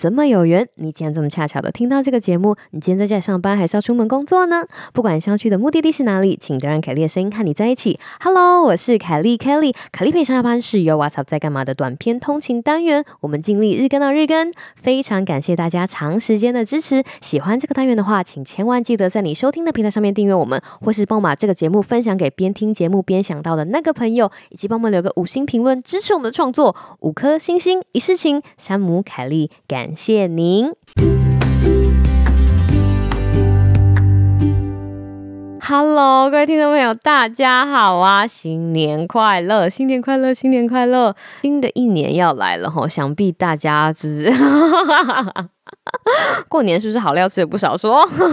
怎麼有緣？你竟然這麼恰巧的聽到這個節目？你今天在家上班還是要出門工作呢？不管想去的目的地是哪裡，請都讓凱莉的聲音和你在一起。Hello，我是凱莉 Kelly。凱莉陪你上下班是由 What's Up 在幹嘛的短篇通勤單元。我們盡力日更到日更，非常感謝大家長時間的支持。喜歡這個單元的話，請千萬記得在你收聽的平台上面訂閱我們，或是幫我把這個節目分享給邊聽節目邊想到的那個朋友，以及幫忙留個五星評論支持我們的創作。五顆星星一世情，山姆凱莉感。感謝您，Hello，各位聽眾朋友，大家好啊！新年快樂，新年快樂，新年快樂！新的一年要來了哈，想必大家就是 過年是不是好料吃也不少說。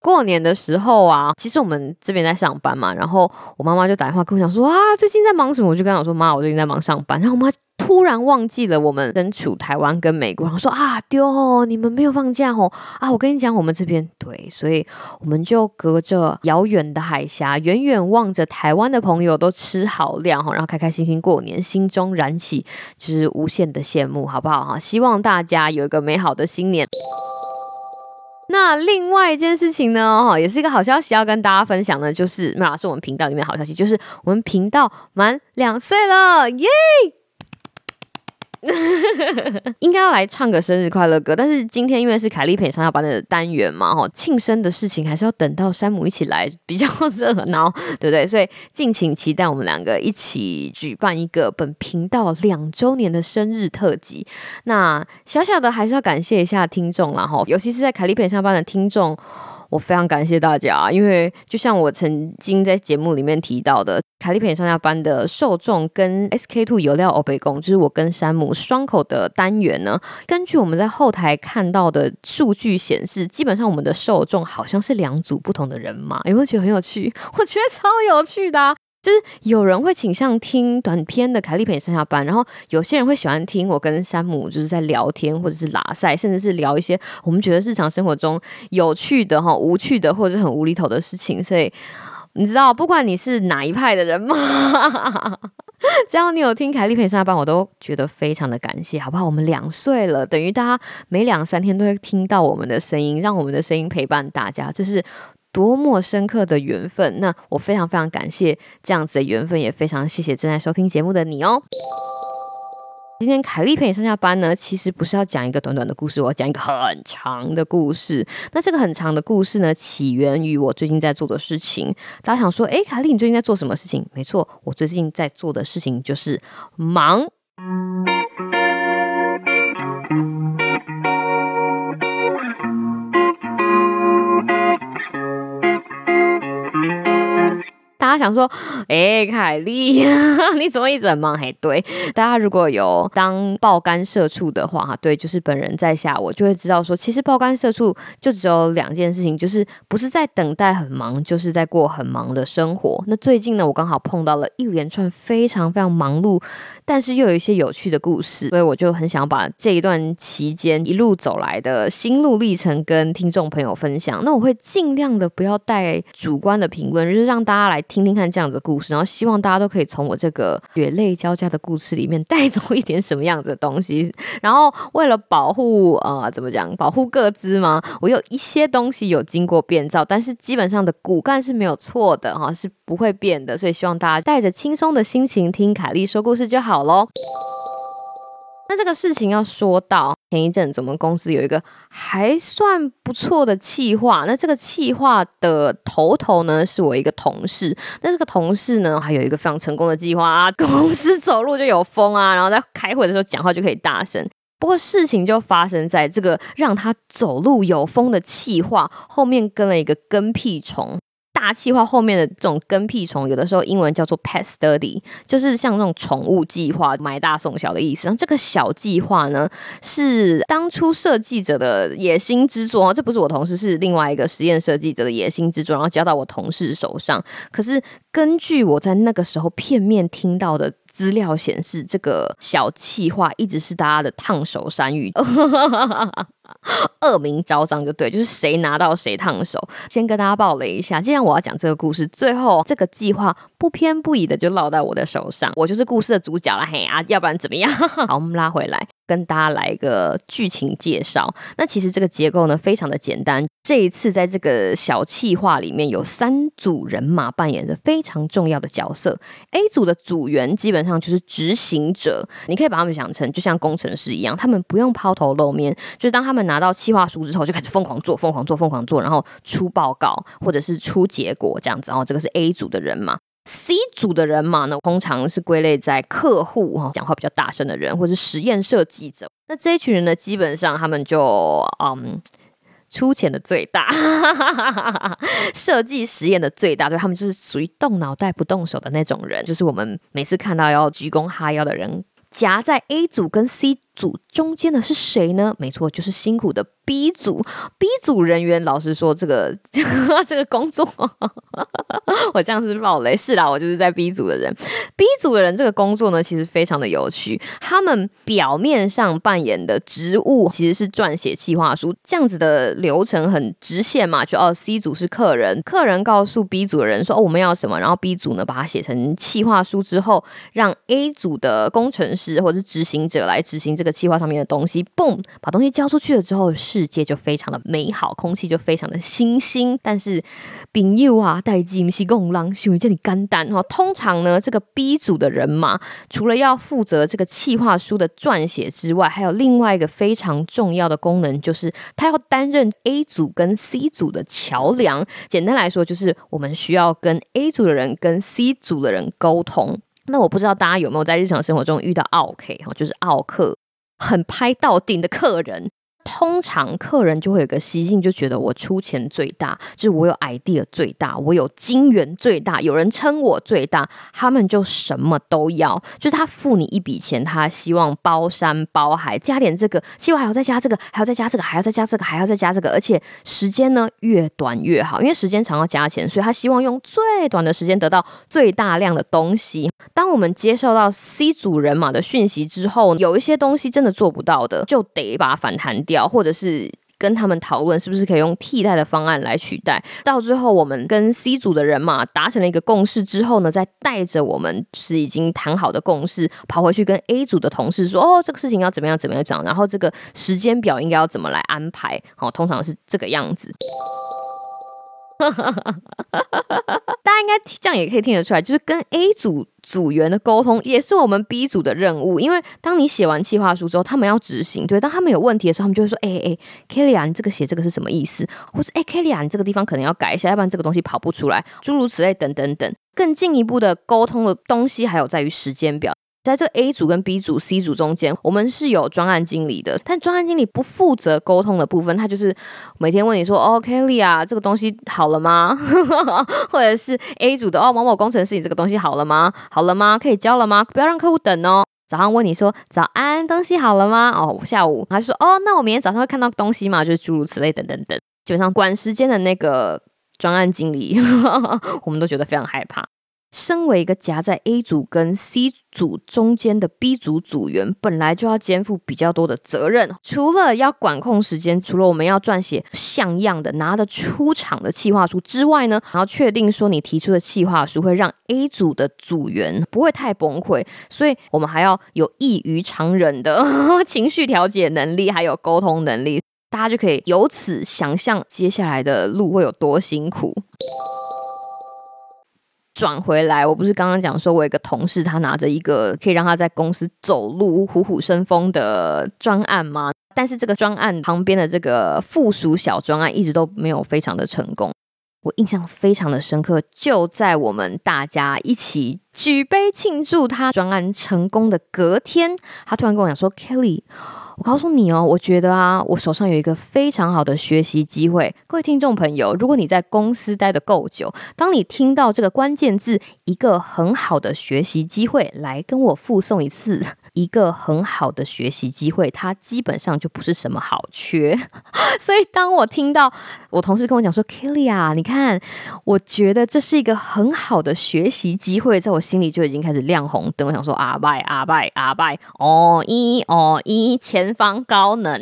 過年的時候啊，其實我們這邊在上班嘛，然後我媽媽就打電話跟我講說啊，最近在忙什麼？我就跟她講說媽，我最近在忙上班。然後我媽。突然忘記了我們身處台灣跟美國，然後說啊丟、哦，你們沒有放假哦啊！我跟你講，我們這邊對，所以我們就隔着遙遠的海峽，遠遠望着台灣的朋友都吃好料，然後開開心心過年，心中燃起就是無限的羨慕，好不好哈？希望大家有一個美好的新年。那另外一件事情呢，也是一個好消息要跟大家分享的就是那、啊、是我們頻道裡面好消息，就是我們頻道滿兩歲了，耶、yeah!！ 應該要來唱個生日快樂歌，但是今天因為是凱莉陪上下班的單元嘛，哈，慶生的事情還是要等到山姆一起來比較熱鬧，對不對？所以敬請期待我們兩個一起舉辦一個本頻道兩週年的生日特輯。那小小的還是要感謝一下聽眾啦，哈，尤其是在凱莉陪上下班的聽眾。我非常感謝大家，因為就像我曾經在節目裡面提到的，《凱莉陪上下班》的受眾跟 S K Two 有料歐北共，就是我跟山姆雙口的單元呢。根據，我們在後台看到的數據顯示，基本上我們的受眾好像是兩組不同的人馬，有沒有覺得很有趣？我覺得超有趣的啊。就是有人會傾向聽短片的凱莉陪你上下班，然後有些人會喜歡聽我跟山姆就是在聊天，或者是喇賽，甚至是聊一些我們覺得日常生活中有趣的哈、無趣的或者是很無厘頭的事情。所以你知道，不管你是哪一派的人嗎？ 只要你有聽凱莉陪你上下班，我都覺得非常的感謝，好不好？我們兩歲了，等於大家每兩三天都會聽到我們的聲音，讓我們的聲音陪伴大家，這是。多麼深刻的緣分！那我非常非常感謝這樣子的緣分，也非常謝謝正在收聽節目的你哦。今天凱麗陪你上下班呢，其實不是要講一個短短的故事，我要講一個很長的故事。那這個很長的故事呢，起源於我最近在做的事情。大家想說，哎，凱麗，你最近在做什麼事情？沒錯，我最近在做的事情就是忙。他想說：“哎、欸，凱莉，你怎麼一直很忙？”嘿，對，大家如果有當爆肝社畜的話，對，就是本人在下，我就會知道說，其實爆肝社畜就只有兩件事情，就是不是在等待很忙，就是在過很忙的生活。那最近呢，我剛好碰到了一連串非常非常忙碌，但是又有一些有趣的故事，所以我就很想把這一段期間一路走來的心路歷程跟聽眾朋友分享。那我會盡量的不要帶主觀的評論，就是讓大家來聽。聽聽看這樣子的故事，然後希望大家都可以從我這個血淚交加的故事裡面帶走一點什麼樣子的東西。然後為了保護呃，怎麼講？保護個資嘛？我有一些東西有經過變造，但是基本上的骨幹是沒有錯的哈、啊，是不會變的。所以希望大家帶着輕鬆的心情聽凱莉說故事就好嘍。那這個事情要說到前一陣子，我們公司有一個還算不錯的企劃。那這個企劃的頭頭呢，是我一個同事。那這個同事呢，還有一個非常成功的計劃啊，公司走路就有風啊，然後在開會的時候講話就可以大聲。不過事情就發生在這個讓他走路有風的企劃，後面跟了一個跟屁蟲。大氣化後面的這種跟屁蟲，有的時候英文叫做 pet study，就是像那種寵物計劃，買大送小的意思。然後這個小計劃呢，是當初設計者的野心之作啊，這不是我同事，是另外一個實驗設計者的野心之作，然後交到我同事手上。可是根據我在那個時候片面聽到的資料顯示，這個小企劃，一直是大家的燙手山芋。 惡名昭彰就對，就是誰拿到誰燙手。先跟大家爆雷一下，既然我要講這個故事，最後這個計劃不偏不倚的就落在我的手上，我就是故事的主角了，嘿啊，要不然怎麼樣？ 好，我們拉回來。跟大家來一個劇情介紹。那其實這個結構呢，非常的簡單。這一次在這個小企劃裡面有三組人馬扮演着非常重要的角色。A 組的組員基本上就是執行者，你可以把他們想成就像工程師一樣，他們不用拋頭露面，就是當他們拿到企劃書之後就開始瘋狂做、瘋狂做、瘋狂做，然後出報告或者是出結果這樣子。然後這個是 A 組的人嘛。C 組的人嘛呢，通常是歸類在客戶哈、哦，講話比較大聲的人，或者是實驗設計者。那這一群人呢，基本上他們就嗯出錢的最大， 設計實驗的最大，所以他們就是屬於動腦袋不動手的那種人，就是我們每次看到要鞠躬哈腰的人，夾在 A 組跟 C 組組中間的是誰呢？沒錯，就是辛苦的 B 組。B 組人員，老實說，這個這個工作， 我這樣是不是爆雷？是啦，我就是在 B 組的人。B 組的人這個工作呢，其實非常的有趣。他們表面上扮演的職務其實是撰寫企劃書，這樣子的流程很直線嘛。就哦，C 組是客人，客人告訴 B 組的人說：“哦，我們要什麼？”然後 B 組呢，把它寫成企劃書之後，讓 A 組的工程師或者執行者來執行這個。的企劃上面的東西，boom，把東西交出去了之後，世界就非常的美好，空氣就非常的清新。但是 b 又啊，代金西貢郎，誰會叫你干單？哈、哦，通常呢，這個 B 組的人嘛，除了要負責這個企劃書的撰寫之外，還有另外一個非常重要的功能，就是他要擔任 A 組跟 C 組的橋樑。簡單來說，就是我們需要跟 A 組的人跟 C 組的人溝通。那我不知道大家有沒有在日常生活中遇到奧客哈、哦，就是奧客。很拍到頂的客人。通常客人就會有個習性，就覺得我出錢最大，就是我有 idea 最大，我有金源最大，有人稱我最大，他們就什麼都要。就是他付你一筆錢，他希望包山包海，加點這個，希望還要再加這個，還要再加這個，還要再加這個，還要再加這個，這個、而且時間呢越短越好，因為時間長要加錢，所以他希望用最短的時間得到最大量的東西。當我們接受到 C 組人馬的訊息之後，有一些東西真的做不到的，就得把它反彈掉。或者是跟他們討論是不是可以用替代的方案來取代。到最後，我們跟 C 組的人馬達成了一個共識之後呢，再帶着我們是已經談好的共識跑回去跟 A 組的同事說：“哦，這個事情要怎麼樣怎麼樣講，然後這個時間表應該要怎麼來安排？”好、哦，通常是這個樣子。 他應該這樣也可以聽得出來，就是跟 A 組組員的溝通也是我們 B 組的任務。因為當你寫完企劃書之後，他們要執行，對？當他們有問題的時候，他們就會說：“哎哎，Kelly 啊，你這個寫這個是什麼意思？”或是“哎，Kelly 啊，你這個地方可能要改一下，要不然這個東西跑不出來。”諸如此類，等等等。更進一步的溝通的東西，還有在於時間表。在這 A 組跟 B 組、C 組中間，我們是有專案經理的，但專案經理不負責溝通的部分，他就是每天問你說：“哦，Kelly 啊，這個東西好了嗎？” 或者是 A 組的：“哦，某某工程師，你這個東西好了嗎？好了嗎？可以交了嗎？不要讓客戶等哦。”早上問你說：“早安，東西好了嗎？”哦，下午他說：“哦，那我明天早上會看到東西嘛？”就是諸如此類，等等等等，基本上管時間的那個專案經理， 我們都覺得非常害怕。身為一個夾在 A 組跟 C 組中間的 B 組組員，本來就要肩負比較多的責任。除了要管控時間，除了我們要撰寫像樣的、拿得出場的企劃書之外呢，還要確定說你提出的企劃書會讓 A 組的組員不會太崩潰。所以，我們還要有異於常人的呵呵情緒調節能力，還有溝通能力。大家就可以由此想象接下來的路會有多辛苦。轉回來，我不是剛剛講說，我有一個同事他拿着一個可以讓他在公司走路虎虎生風的專案嗎？但是這個專案旁邊的這個附屬小專案一直都沒有非常的成功。我印象非常的深刻，就在我們大家一起舉杯慶祝他專案成功的隔天，他突然跟我講說，Kelly。我告訴你哦，我覺得啊，我手上有一個非常好的學習機會。各位聽眾朋友，如果你在公司待得夠久，當你聽到這個關鍵字“一個很好的學習機會”，來跟我複誦一次。一個很好的學習機會，它基本上就不是什麼好缺。 所以當我聽到我同事跟我講說：“Kelly 啊，你看，我覺得這是一個很好的學習機會。”在我心裡就已經開始亮紅燈。我想說：“阿拜阿拜阿拜哦一哦一，前方高能！”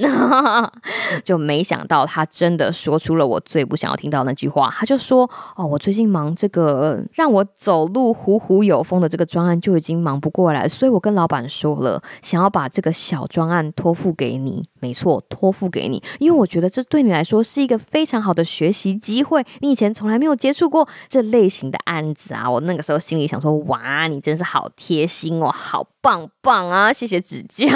就沒想到他真的說出了我最不想要聽到那句話。他就說：“哦，我最近忙這個讓我走路虎虎有風的這個專案，就已經忙不過來，所以我跟老闆說了。”想要把這個小專案托付給你，沒錯，托付給你，因為我覺得這對你來說是一個非常好的學習機會。你以前從來沒有接觸過這類型的案子啊！我那個時候心裡想說，哇，你真是好貼心哦，好棒棒啊，謝謝指教。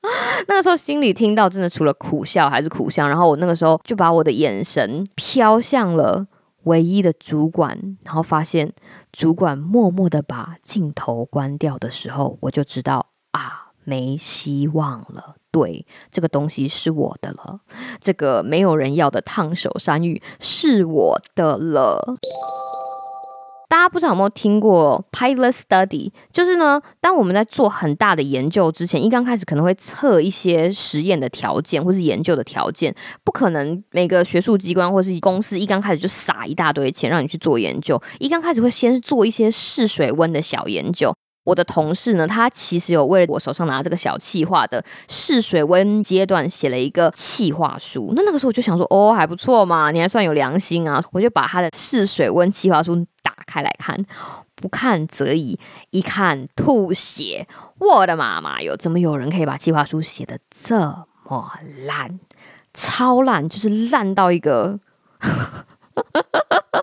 那個時候心裡聽到，真的除了苦笑還是苦笑。然後我那個時候就把我的眼神飄向了唯一的主管，然後發現。主管默默的把鏡頭關掉的時候，我就知道啊，沒希望了。對，這個東西是我的了，這個沒有人要的燙手山芋是我的了。大家不知道有沒有聽過 pilot study？就是呢，當我們在做很大的研究之前，一剛開始可能會測一些實驗的條件或是研究的條件，不可能每個學術機關或是公司一剛開始就撒一大堆錢讓你去做研究，一剛開始會先做一些試水溫的小研究。我的同事呢，他其實有為了我手上拿這個小企劃的試水溫階段寫了一個企劃書。那那個時候我就想說，哦，還不錯嘛，你還算有良心啊。我就把他的試水溫企劃書打開來看，不看則已，一看吐血。我的媽媽喲，有怎麼有人可以把企劃書寫得這麼爛，超爛，就是爛到一個。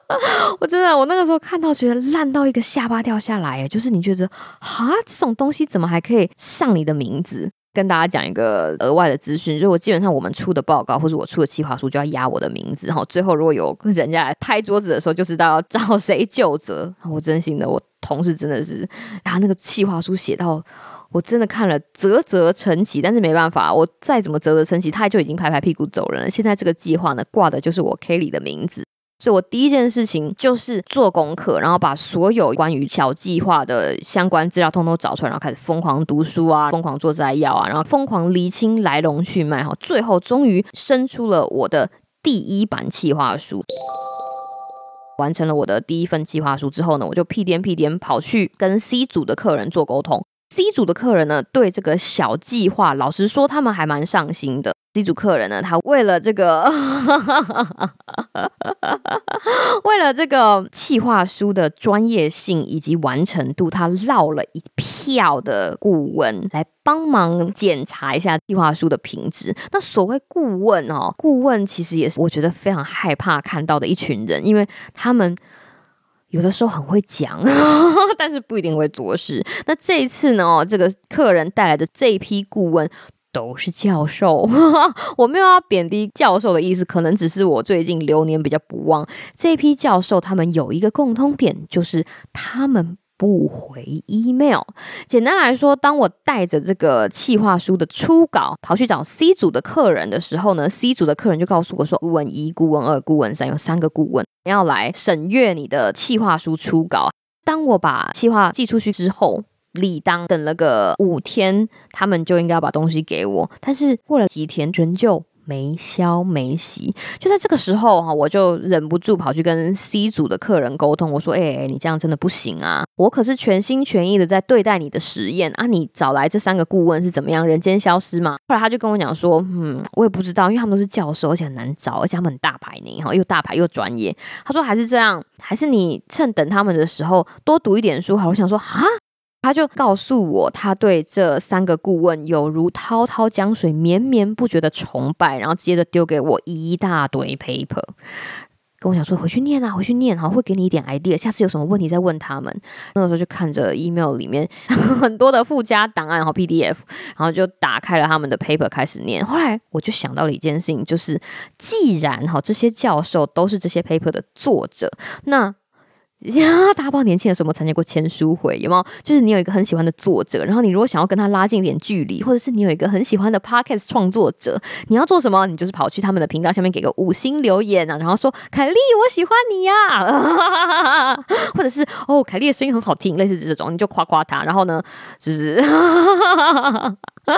我真的，我那個時候看到覺得爛到一個下巴掉下來，就是你覺得啊，這種東西怎麼還可以上你的名字？跟大家講一個額外的資訊，就是我基本上我們出的報告或者我出的企劃書就要押我的名字，然後最後如果有人家來拍桌子的時候就知道要找誰究責。我真心的，我同事真的是，啊，那個企劃書寫到我真的看了嘖嘖稱奇，但是沒辦法，我再怎麼嘖嘖稱奇，他就已經拍拍屁股走人了。現在這個計劃呢，掛的就是我 Kelly 的名字。所以我第一件事情就是做功課，然後把所有關於小計劃的相關資料通通找出來，然後開始瘋狂讀書啊，瘋狂做摘要啊，然後瘋狂釐清來龍去脈哈。最後終於生出了我的第一版計劃書。完成了我的第一份計劃書之後呢，我就屁顛屁顛跑去跟 C 組的客人做溝通。C 組的客人呢，對這個小計劃，老實說，他們還蠻上心的。這組客人呢，他為了這個， 為了這個企劃書的專業性以及完成度，他繞了一票的顧問來幫忙檢查一下企劃書的品質。那所謂顧問哦，顧問其實也是我覺得非常害怕看到的一群人，因為他們有的時候很會講，但是不一定會做事。那這一次呢，這個客人帶來的這一批顧問。都是教授， 我沒有要貶低教授的意思，可能只是我最近流年比較不旺。這批教授他們有一個共通點，就是他們不回 email。簡單來說，當我帶着這個企劃書的初稿跑去找 C 組的客人的時候呢，C 組的客人就告訴我說，顧問一、顧問二、顧問三，有三個顧問要來審閱你的企劃書初稿。當我把企劃寄出去之後，理當等了個五天，他們就應該要把東西給我，但是過了幾天仍舊沒消沒息。就在這個時候哈，我就忍不住跑去跟 C 組的客人溝通，我說：“哎、欸，你這樣真的不行啊！我可是全心全意的在對待你的實驗啊！你找來這三個顧問是怎麼樣？人間消失嗎？”後來他就跟我講說：“嗯，我也不知道，因為他們都是教授，而且很難找，而且他們很大牌呢哈，又大牌又專業。”他說：“還是這樣，還是你趁等他們的時候多讀一點書。”好，我想說啊。他就告訴我，他對這三個顧問有如滔滔江水、綿綿不絕的崇拜，然後接着丟給我一大堆 paper，跟我講說回去念啊，回去念，好會給你一點 idea，下次有什麼問題再問他們。那個時候就看着 email 裡面很多的附加檔案，好，PDF，然後就打開了他們的 paper 開始念。後來我就想到了一件事情，就是既然哈這些教授都是這些 paper 的作者，那。呀， 大家不知道年輕的時候有沒有參加過簽書會？有沒有？就是你有一個很喜歡的作者，然後你如果想要跟他拉近一點距離，或者是你有一個很喜歡的 podcast 創作者，你要做什麼？你就是跑去他們的頻道下面給個五星留言啊，然後說“凱莉，我喜歡你呀、啊”， 或者是“哦，凱莉的聲音很好聽”，類似這種，你就誇誇她。然後呢，就是。 哈，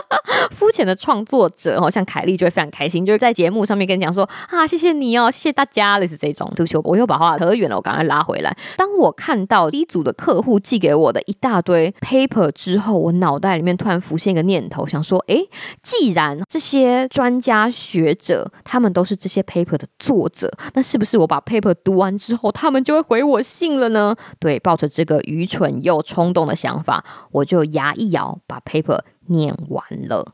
膚淺 的創作者好像凱莉就會非常開心，就是在節目上面跟你講說啊，謝謝你哦，謝謝大家，類似這種。對不起，我又把話扯遠了，我趕快拉回來。當我看到第一組的客戶寄給我的一大堆 paper 之後，我腦袋裡面突然浮現一個念頭，想說，誒，既然這些專家學者他們都是這些 paper 的作者，那是不是我把 paper 讀完之後，他們就會回我信了呢？對，抱着這個愚蠢又衝動的想法，我就牙一咬，把 paper。念完了，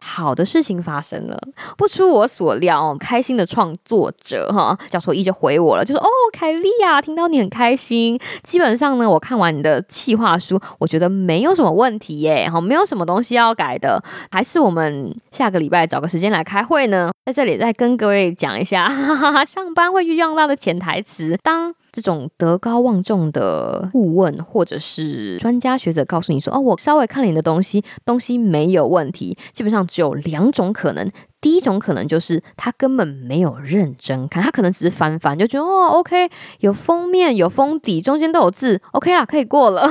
好的事情發生了，不出我所料，開心的創作者哈教授一就回我了，就說，哦凱莉啊，聽到你很開心，基本上呢，我看完你的企劃書，我覺得沒有什麼問題耶，好，沒有什麼東西要改的，還是我們下個禮拜找個時間來開會呢，在這裡再跟各位講一下哈哈哈哈上班會運用到的潛台詞，當這種德高望重的顧問或者是專家學者告訴你說：“哦，我稍微看了你的東西，東西沒有問題。基本上只有兩種可能，第一種可能就是他根本沒有認真看，他可能只是翻翻就覺得哦，OK，有封面，有封底，中間都有字，OK 啦，可以過了。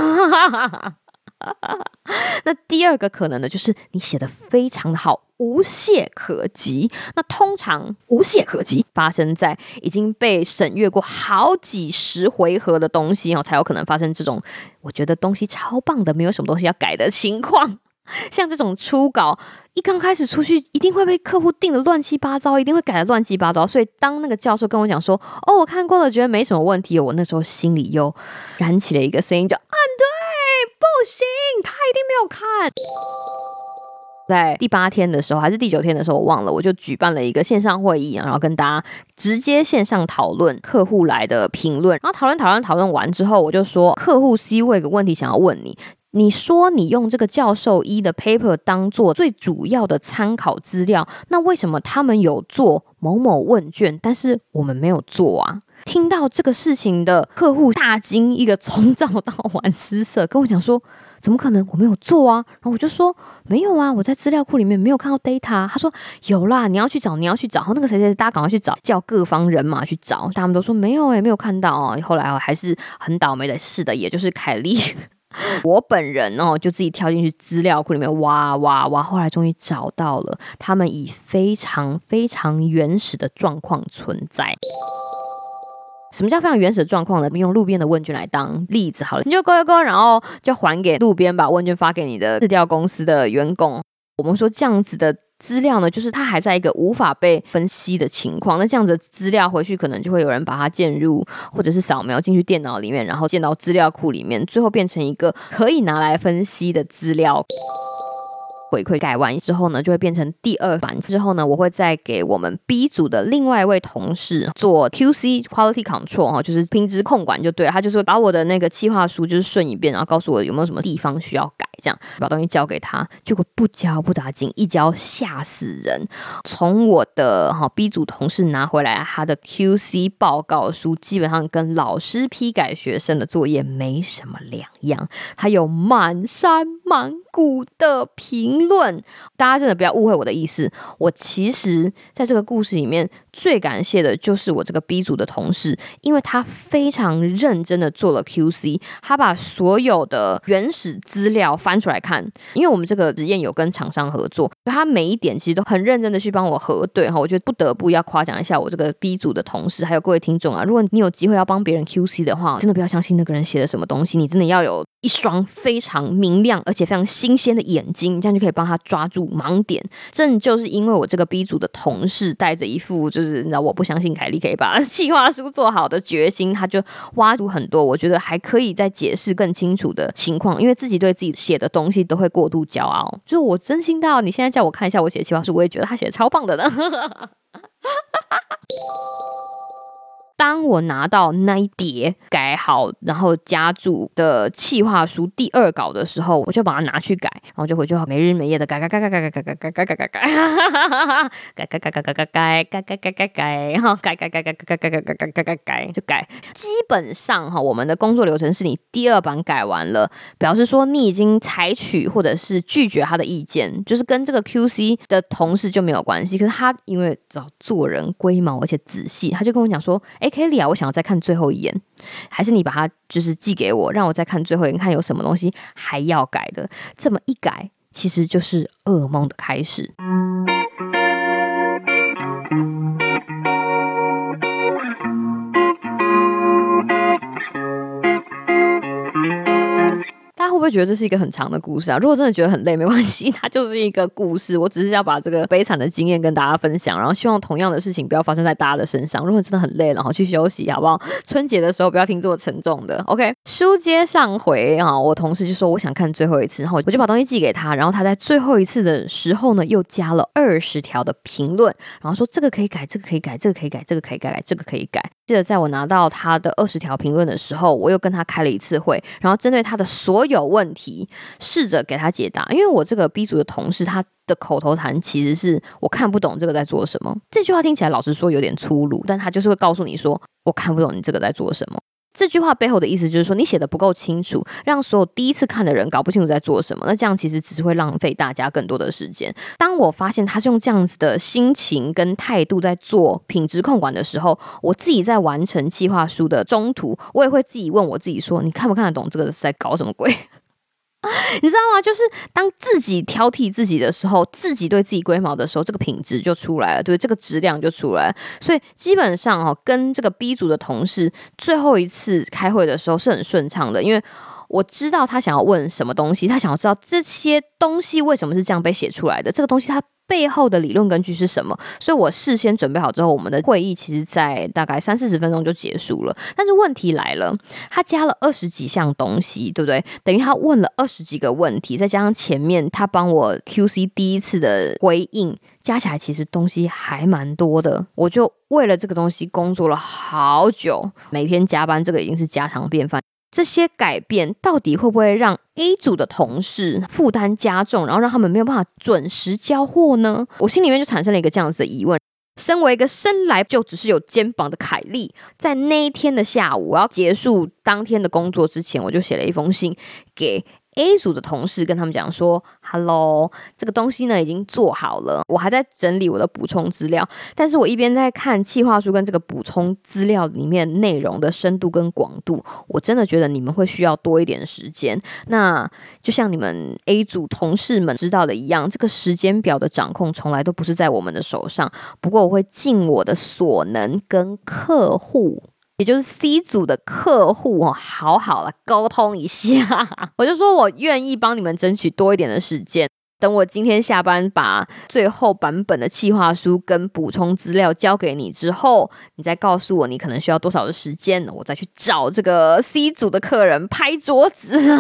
” 那第二個可能呢，就是你寫得非常好，無懈可擊。那通常無懈可擊發生在已經被審閱過好幾十回合的東西哦，才有可能發生這種我覺得東西超棒的、沒有什麼東西要改的情況。像這種初稿，一剛開始出去一定會被客戶定得亂七八糟，一定會改得亂七八糟。所以當那個教授跟我講說：“哦，我看過了，覺得沒什麼問題。”我那時候心裡又燃起了一個聲音就，就不行，他一定沒有看。在第八天的時候，還是第九天的時候，我忘了，我就舉辦了一個線上會議，然後跟大家直接線上討論客戶來的評論。然後討論討論討論，討論完之後，我就說，客戶 C，我有個問題想要問你，你說你用這個教授一的 paper 當做最主要的參考資料，那為什麼他們有做某某問卷，但是我們沒有做啊？聽到這個事情的客戶大驚，一個從早到晚失色，跟我講說：“怎麼可能？我沒有做啊！”然後我就說：“沒有啊，我在資料庫裡面沒有看到 data。”他說：“有啦，你要去找，你要去找。”然後那個誰誰大家趕快去找，叫各方人馬去找。他們都說：“沒有哎、欸，沒有看到。”後來還是很倒霉的是的，也就是凱莉， 我本人哦，就自己跳進去資料庫裡面挖挖挖，後來終於找到了，他們以非常非常原始的狀況存在。什麼叫非常原始的狀況呢？用路邊的問卷來當例子好了，你就勾一勾，然後就還給路邊，把問卷發給你的市調公司的員工。我們說這樣子的資料呢，就是它還在一個無法被分析的情況。那這樣子的資料回去，可能就會有人把它鍵入，或者是掃描進去電腦裡面，然後鍵到資料庫裡面，最後變成一個可以拿來分析的資料。回饋改完之後呢，就會變成第二版。之後呢，我會再給我們 B 組的另外一位同事做 QC quality control、哦、就是品質控管就對。他就是把我的那個企劃書就是順一遍，然後告訴我有沒有什麼地方需要改，這樣把東西交給他。結果不交不打緊，一交嚇死人。從我的哈、哦、B 組同事拿回來他的 QC 報告書，基本上跟老師批改學生的作業沒什麼兩樣，還有滿山滿谷的評論，大家真的不要誤會我的意思，我其實在這個故事裡面，最感謝的就是我這個 B 組的同事，因為他非常認真的做了 QC，他把所有的原始資料翻出來看，因為我們這個實驗有跟廠商合作，所以他每一點其實都很認真的去幫我核對哈，我覺得不得不要誇獎一下我這個 B 組的同事，還有各位聽眾啊，如果你有機會要幫別人 QC 的話，真的不要相信那個人寫的什麼東西，你真的要有一雙非常明亮而且非常新鮮的眼睛，這樣就可以幫他抓住盲點。正就是因為我這個 B 組的同事帶着一副就是。是，你知道我不相信凱莉可以把企劃書做好的決心，他就挖出很多，我覺得還可以再解釋更清楚的情況，因為自己對自己寫的東西都會過度驕傲。就我真心到，你現在叫我看一下我寫的企劃書，我也覺得他寫的超棒的呢。 當我拿到那一疊改好然後加注的企劃書第二稿的時候，我就把它拿去改，然後就回去好，沒日沒夜的改改改改改改改改改改改改哈哈哈哈哈改改改改改改改改改改改改哈改改改改改改改改改改改就改。基本上哈，我們的工作流程是你第二版改完了，表示說你已經採取或者是拒絕他的意見，就是跟這個 QC 的同事就沒有關係。可是他因為只要做人龜毛而且仔細，他就跟我講說。哎，Kelly，我想要再看最後一眼，還是你把它就是寄給我，讓我再看最後一眼，看有什麼東西還要改的。這麼一改，其實就是噩夢的開始。會覺得這是一個很長的故事啊！如果真的覺得很累，沒關係，它就是一個故事。我只是要把這個悲慘的經驗跟大家分享，然後希望同樣的事情不要發生在大家的身上。如果真的很累，然後去休息，好不好？春節的時候不要聽這麼沉重的，OK。書接上回啊，我同事就說，我想看最後一次，然後我就把東西寄給他，然後他在最後一次的時候呢，又加了二十條的評論，然後說這個可以改，這個可以改，這個可以改，這個可以改，這個可以改，改這個可以改。記得在我拿到他的二十條評論的時候，我又跟他開了一次會，然後針對他的所有問題，試着給他解答。因為我這個 B 組的同事，他的口頭禪其實是，我看不懂這個在做什麼。這句話聽起來老實說有點粗魯，但他就是會告訴你說，我看不懂你這個在做什麼。這句話背後的意思就是說，你寫的不夠清楚，讓所有第一次看的人搞不清楚在做什麼。那這樣其實只是會浪費大家更多的時間。當我發現他是用這樣子的心情跟態度在做品質控管的時候，我自己在完成計劃書的中途，我也會自己問我自己說：你看不看得懂這個是在搞什麼鬼？你知道嗎？就是當自己挑剔自己的時候，自己對自己龜毛的時候，這個品質就出來了，對，這個質量就出來了。所以基本上哦，跟這個 B 組的同事最後一次開會的時候是很順暢的，因為我知道他想要問什麼東西，他想要知道這些東西為什麼是這樣被寫出來的，這個東西他。背後的理論根據是什麼？所以我事先準備好之後，我們的會議其實，在大概三四十分鐘就結束了。但是問題來了，他加了二十幾項東西，對不對？等於他問了二十幾個問題，再加上前面他幫我 QC 第一次的回應，加起來其實東西還蠻多的。我就為了這個東西工作了好久，每天加班，這個已經是家常便飯。這些改變到底會不會讓 A 組的同事負擔加重，然後讓他們沒有辦法準時交貨呢？我心裡面就產生了一個這樣子的疑問。身為一個生來就只是有肩膀的凱莉，在那一天的下午，我要結束當天的工作之前，我就寫了一封信給。A 組的同事跟他們講說：“Hello，這個東西呢已經做好了，我還在整理我的補充資料。但是我一邊在看企劃書跟這個補充資料裡面內容的深度跟廣度，我真的覺得你們會需要多一點時間。那就像你們 A 組同事們知道的一樣，這個時間表的掌控從來都不是在我們的手上。不過我會盡我的所能跟客戶。”也就是 C 組的客戶哦，好好的溝通一下，我就說我願意幫你們爭取多一點的時間。等我今天下班把最後版本的計劃書跟補充資料交給你之後，你再告訴我你可能需要多少的時間，我再去找這個 C 組的客人拍桌子，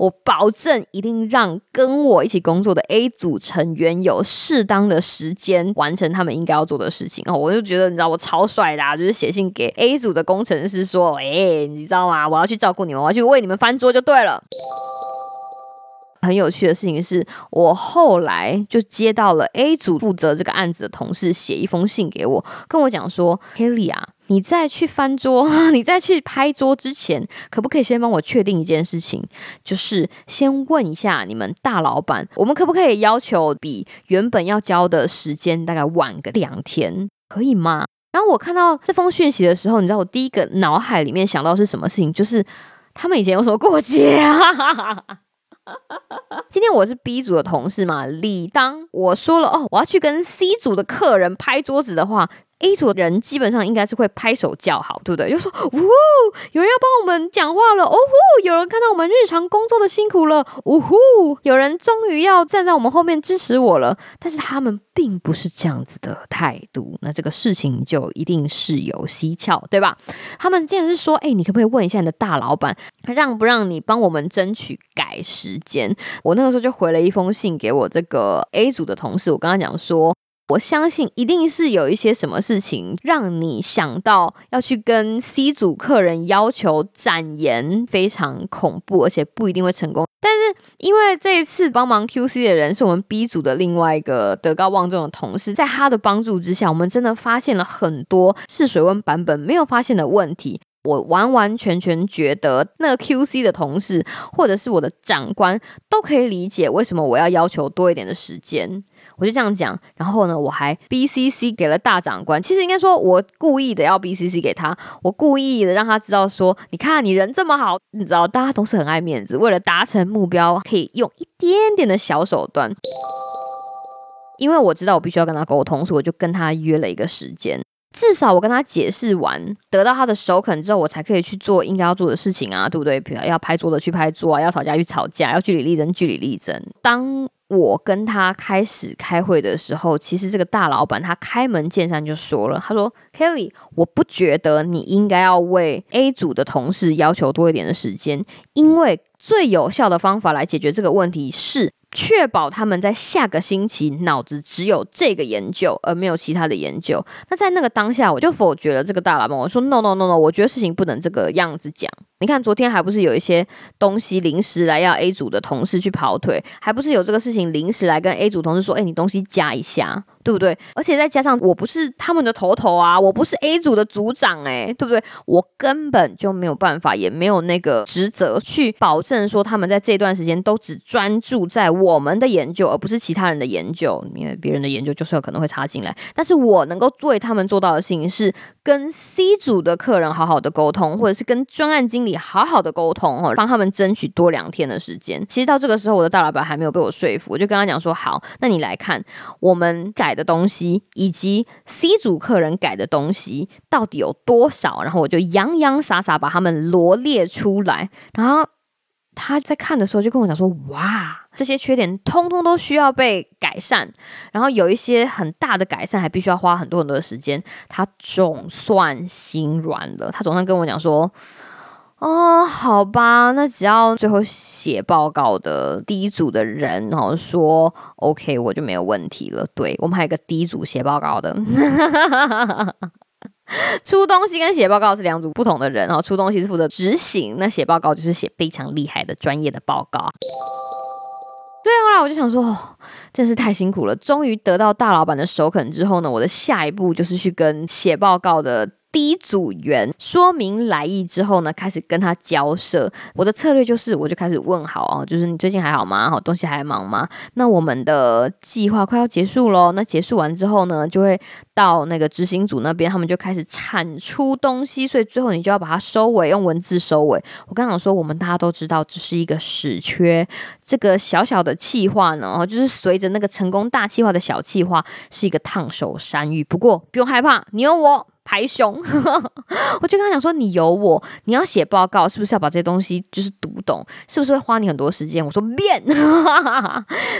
我保證一定讓跟我一起工作的 A 組成員有適當的時間完成他們應該要做的事情哦。我就覺得你知道我超帥的，啊，就是寫信給 A 組的工程師說，哎、欸，你知道嗎？我要去照顧你們，我要去為你們翻桌就對了。很有趣的事情是我後來就接到了 A 組負責這個案子的同事寫一封信給我，跟我講說：“Kelly 啊，你在去翻桌、 你在去拍桌之前，可不可以先幫我確定一件事情，就是先問一下你們大老闆，我們可不可以要求比原本要交的時間大概晚個兩天，可以嗎？”然後我看到這封訊息的時候，你知道我第一個腦海裡面想到是什麼事情，就是他們以前有什麼過節啊？ 今天我是 B 組的同事嘛，理當我說了哦，我要去跟 C 組的客人拍桌子的話，A 組的人基本上應該是會拍手叫好，對不對？就說，嗚，有人要幫我們講話了，哦呼，有人看到我們日常工作的辛苦了，嗚、哦、呼，有人終於要站在我們後面支持我了。但是他們並不是這樣子的態度，那這個事情就一定是有蹊蹺，對吧？他們竟然是說，誒、欸，你可不可以問一下你的大老闆，讓不讓你幫我們爭取改時間？我那個時候就回了一封信給我這個 A 組的同事，我跟他講說。我相信一定是有一些什麼事情讓你想到要去跟 C 組客人要求展延，非常恐怖，而且不一定會成功。但是因為這一次幫忙 QC 的人是我們 B 組的另外一個德高望重的同事，在他的幫助之下，我們真的發現了很多試水溫版本沒有發現的問題。我完完全全覺得那個 QC 的同事或者是我的長官都可以理解為什麼我要要求多一點的時間。我就這樣講，然後呢，我還 BCC 給了大長官。其實應該說，我故意的要 BCC 給他，我故意的讓他知道說，你看你人這麼好，你知道大家都是很愛面子，為了達成目標，可以用一點點的小手段。因為我知道我必須要跟他溝通，所以我就跟他約了一個時間。至少我跟他解釋完，得到他的首肯之後，我才可以去做應該要做的事情啊，對不對？比如要拍桌的去拍桌啊，要吵架去吵架，要據理力爭，據理力爭。當我跟他開始開會的時候，其實這個大老板他開門見山就說了，他說：“Kelly，我不覺得你應該要為 A 組的同事要求多一點的時間，因為最有效的方法來解決這個問題是。”確保他們在下個星期腦子只有這個研究，而沒有其他的研究。那在那個當下，我就否決了這個大老闆。我說：No No No No，我覺得事情不能這個樣子講。你看，昨天還不是有一些東西臨時來要 A 組的同事去跑腿，還不是有這個事情臨時來跟 A 組同事說：誒，你東西加一下。對不對？而且再加上我不是他們的頭頭啊，我不是 A 組的組長哎、欸，對不對？我根本就沒有辦法，也沒有那個職責去保證說他們在這段時間都只專注在我們的研究，而不是其他人的研究，因為別人的研究就是有可能會插進來。但是我能夠為他們做到的事情是。跟 C 組的客人好好的溝通，或者是跟專案經理好好的溝通哦，幫他們爭取多兩天的時間。其實到這個時候，我的大老板還沒有被我說服，我就跟他講說：好，那你來看我們改的東西，以及 C 組客人改的東西到底有多少？然後我就洋洋灑灑把他們羅列出來，然後。他在看的時候就跟我講說：“哇，這些缺點通通都需要被改善，然後有一些很大的改善還必須要花很多很多的時間。”他總算心軟了，他總算跟我講說：“哦，好吧，那只要最後寫報告的第一組的人然後說 OK，我就沒有問題了。對”對，我們還有一個第一組寫報告的。嗯 出東西跟寫報告是兩組不同的人，然後出東西是負責執行，那寫報告就是寫非常厲害的專業的報告。對，後來我就想說，哦，真是太辛苦了，終於得到大老闆的首肯之後呢，我的下一步就是去跟寫報告的。第一組員說明來意之後呢，開始跟他交涉。我的策略就是，我就開始問，好哦，就是你最近還好嗎？哈，東西還忙嗎？那我們的計劃快要結束嘍。那結束完之後呢，就會到那個執行組那邊，他們就開始產出東西。所以最後你就要把它收尾，用文字收尾。我剛想說，我們大家都知道，這是一個屎缺。這個小小的企劃呢，哦，就是隨着那個成功大企劃的小企劃，是一個燙手山芋。不過不用害怕，你有我。拍胸 我就跟他講說：“你有我，你要寫報告，是不是要把這些東西就是讀懂？是不是會花你很多時間？”我說：“變，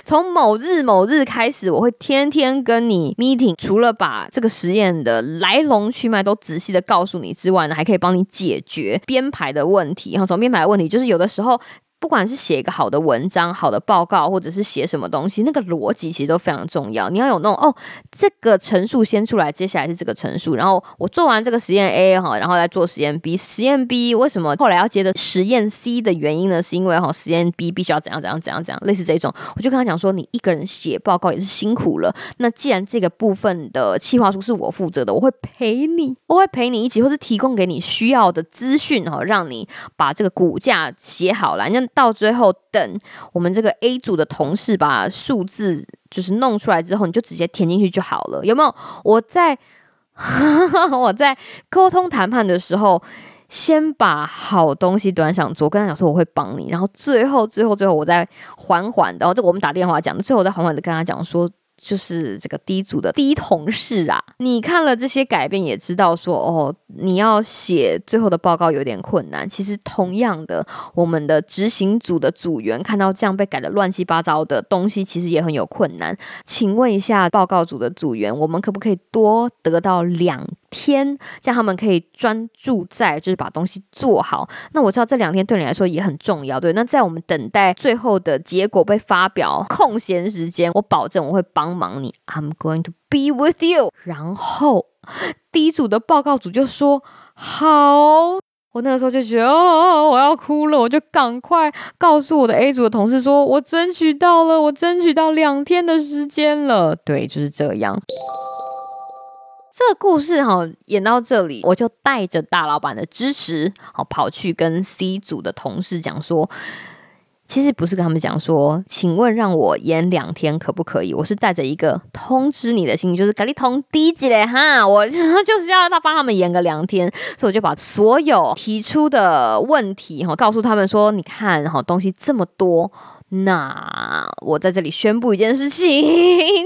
從 某日某日開始，我會天天跟你 meeting。除了把這個實驗的來龍去脈都仔細的告訴你之外呢，還可以幫你解決編排的問題。然後從編排的問題，就是有的時候。”不管是寫一個好的文章、好的報告，或者是寫什麼東西，那個邏輯其實都非常重要。你要有那種哦，這個陳述先出來，接下來是這個陳述，然後我做完這個實驗 A 哈，然後再做實驗 B。實驗 B 為什麼後來要接着實驗 C 的原因呢？是因為哈，實驗 B 必須要怎樣怎樣怎樣怎樣，類似這種。我就跟他講說，你一個人寫報告也是辛苦了。那既然這個部分的企劃書是我負責的，我會陪你，我會陪你一起，或是提供給你需要的資訊哈，讓你把這個骨架寫好了，到最後，等我們這個 A 組的同事把數字就是弄出來之後，你就直接填進去就好了，有沒有？我在 我在溝通談判的時候，先把好東西端上桌，我跟他講說我會幫你，然後最後最後最後，我再緩緩，然後這個我們打電話講的，最後再緩緩的跟他講說。就是這個第一組的第一同事啊，你看了這些改變，也知道說哦，你要寫最後的報告有點困難。其實同樣的，我們的執行組的組員看到這樣被改的亂七八糟的東西，其實也很有困難。請問一下報告組的組員，我們可不可以多得到兩個？天，這樣他們可以專注在就是把東西做好。那我知道這兩天對你來說也很重要，對。那在我們等待最後的結果被發表空閒時間，我保證我會幫忙你。I'm going to be with you。然後第一組的報告組就說好，我那個時候就覺得哦，我要哭了，我就趕快告訴我的 A 組的同事說，我爭取到了，我爭取到兩天的時間了。對，就是這樣。這個故事哈演到這裡，我就帶着大老板的支持，好，跑去跟 C 組的同事講說，其實不是跟他們講說，請問讓我延兩天可不可以？我是帶着一個通知你的心，就是趕緊通低第一嘞，哈，我就是要他幫他們延個兩天，所以我就把所有提出的問題哈告訴他們說，你看哈東西這麼多，那我在這裡宣布一件事情，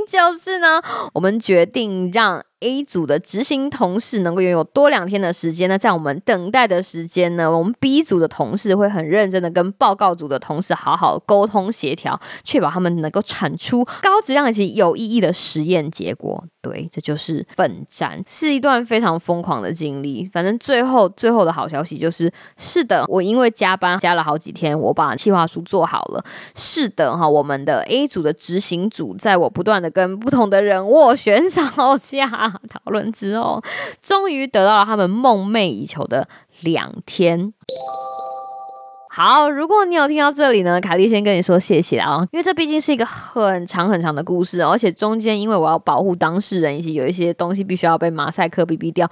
就是呢，我們決定讓。A 組的執行同事能夠擁有多兩天的時間，那在我們等待的時間呢？我們 B 組的同事會很認真的跟報告組的同事好好溝通協調，確保他們能夠產出高質量以及有意義的實驗結果。對，這就是奮戰，是一段非常瘋狂的經歷。反正最後最後的好消息就是，是的，我因為加班加了好幾天，我把企劃書做好了。是的，哈，我們的 A 組的執行組，在我不斷的跟不同的人斡旋、吵架、討論之後，終於得到了他們夢寐以求的兩天。好，如果你有聽到這裡呢，凱莉先跟你說謝謝啊，因為這畢竟是一個很長很長的故事，而且中間因為我要保護當事人，以及有一些東西必須要被馬賽克 BB 掉。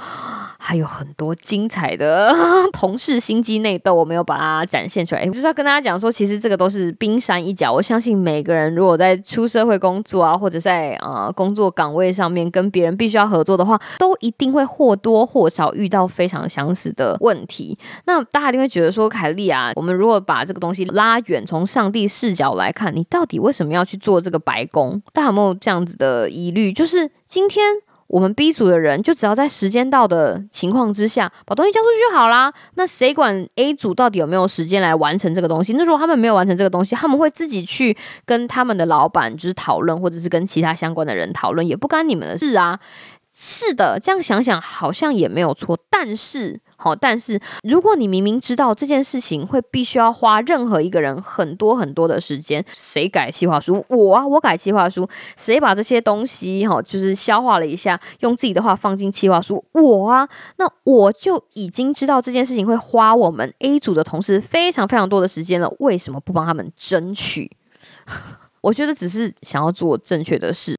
還有很多精彩的同事心機內鬥，我沒有把它展現出來。我就是要跟大家講說，其實這個都是冰山一角。我相信每個人如果在出社會工作啊，或者在啊、呃、工作崗位上面跟別人必須要合作的話，都一定會或多或少遇到非常相似的問題。那大家一定會覺得說，凱莉啊，我們如果把這個東西拉遠，從上帝視角來看，你到底為什麼要去做這個白宮？大家有沒有這樣子的疑慮？就是今天。我們 B 組的人就只要在時間到的情況之下，把東西交出去就好啦。那誰管 A 組到底有沒有時間來完成這個東西？那時候他們沒有完成這個東西，他們會自己去跟他們的老闆就是討論，或者是跟其他相關的人討論，也不干你們的事啊。是的，這樣想想好像也沒有錯。但是，好、哦，但是如果你明明知道這件事情會必須要花任何一個人很多很多的時間，誰改企劃書？我啊，我改企劃書。誰把這些東西哈、哦，就是消化了一下，用自己的話放進企劃書？我啊，那我就已經知道這件事情會花我們 A 組的同事非常非常多的時間了。為什麼不幫他們爭取？ 我覺得只是想要做正確的事。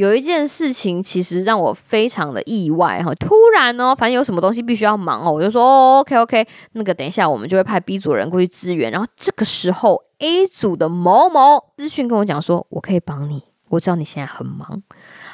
有一件事情，其實讓我非常的意外哈，突然哦，反正有什麼東西必須要忙哦，我就說哦，OK OK，那個等一下我們就會派 B 組人過去支援，然後這個時候 A 組的某某資訊跟我講說，我可以幫你，我知道你現在很忙。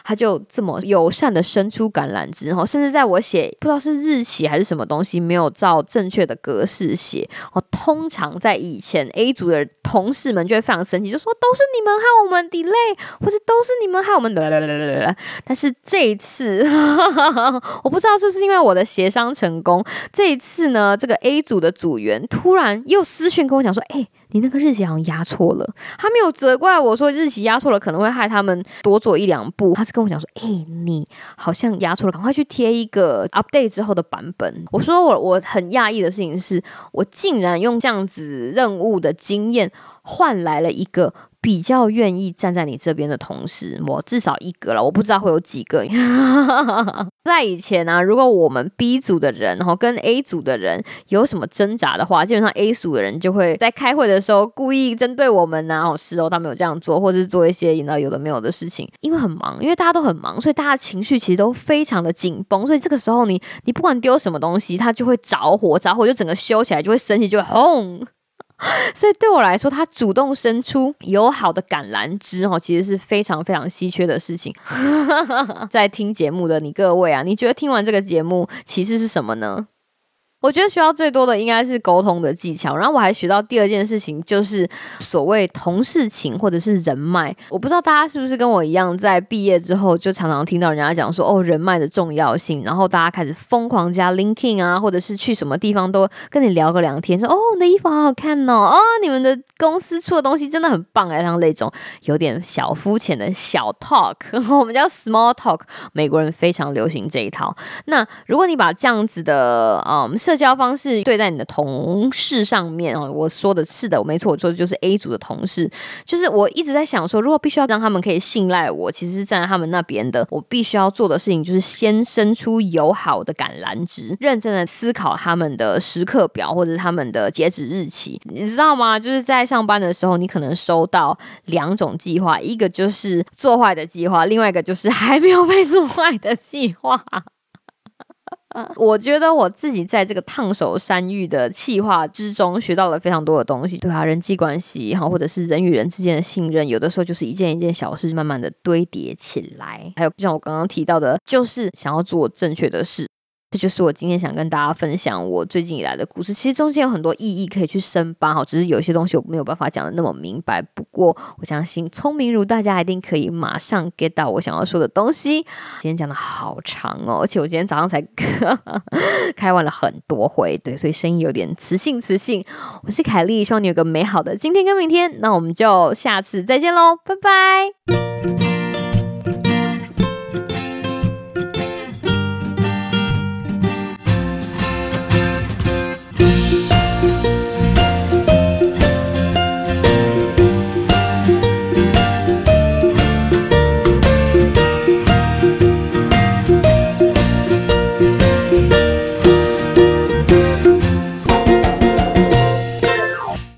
他就這麼友善的伸出橄欖枝，然後，甚至在我寫不知道是日期還是什麼東西沒有照正確的格式寫，哦，通常在以前 A 組的同事們就會非常生氣，就說都是你們害我們 delay，或者都是你們害我們啦啦啦啦啦啦。但是這一次呵呵呵，我不知道是不是因為我的協商成功，這一次呢，這個 A 組的組員突然又私訊跟我講說，哎、欸。你那個日期好像壓錯了，他沒有責怪我說日期壓錯了可能會害他們多做一兩步，他是跟我講說，誒、欸，你好像壓錯了，趕快去貼一個 update 之後的版本。我說我我很訝異的事情是，我竟然用這樣子任務的經驗換來了一個。比較願意站在你這邊的同事我至少一個了，我不知道會有幾個。 在以前呢、啊，如果我們 B 組的人，然後跟 A 組的人有什麼掙扎的話，基本上 A 組的人就會在開會的時候故意針對我們、啊，然後是哦，他沒有這樣做，或者是做一些那有的沒有的事情。因為很忙，因為大家都很忙，所以大家情緒其實都非常的緊繃。所以這個時候你，你你不管丟什麼東西，他就會着火，着火就整個修起來就會生氣，就會轟。 所以對我來說，他主動伸出友好的橄欖枝哦，其實是非常非常稀缺的事情。 在聽節目的你各位啊，你覺得聽完這個節目，啟示是什麼呢？我覺得學到最多的應該是溝通的技巧，然後我還學到第二件事情就是所謂同事情或者是人脈。我不知道大家是不是跟我一樣，在畢業之後就常常聽到人家講說，哦，人脈的重要性，然後大家開始瘋狂加 linking 啊，或者是去什麼地方都跟你聊個兩天，說，哦，你的衣服好好看哦，哦你們的公司出的東西真的很棒哎，像那種，種有點小膚淺的小 talk， 我們叫 small talk，美國人非常流行這一套。那如果你把這樣子的嗯設社交方式對待你的同事上面啊，我說的是的，我沒錯，我說的就是 A 組的同事。就是我一直在想說，如果必須要讓他們可以信賴我，其實是站在他們那邊的。我必須要做的事情就是先伸出友好的橄欖枝，認真的思考他們的時刻表或者他們的截止日期。你知道嗎？就是在上班的時候，你可能收到兩種計劃，一個就是做壞的計劃，另外一個就是還沒有被做壞的計劃。我覺得我自己在這個燙手山芋的企劃之中，學到了非常多的東西。對啊，人際關係哈、啊，或者是人與人之間的信任，有的時候就是一件一件小事慢慢的堆疊起來。還有像我剛剛提到的，就是想要做正確的事。這就是我今天想跟大家分享我最近以來的故事。其實中間有很多意義可以去深扒哈，只是有一些東西我沒有辦法講得那麼明白。不過我相信聰明如大家，一定可以馬上 get 到我想要說的東西。今天講得好長哦，而且我今天早上才呵呵開完了很多會，對，所以聲音有點磁性磁性。我是凱莉，希望你有個美好的今天跟明天。那我們就下次再見嘍，拜拜。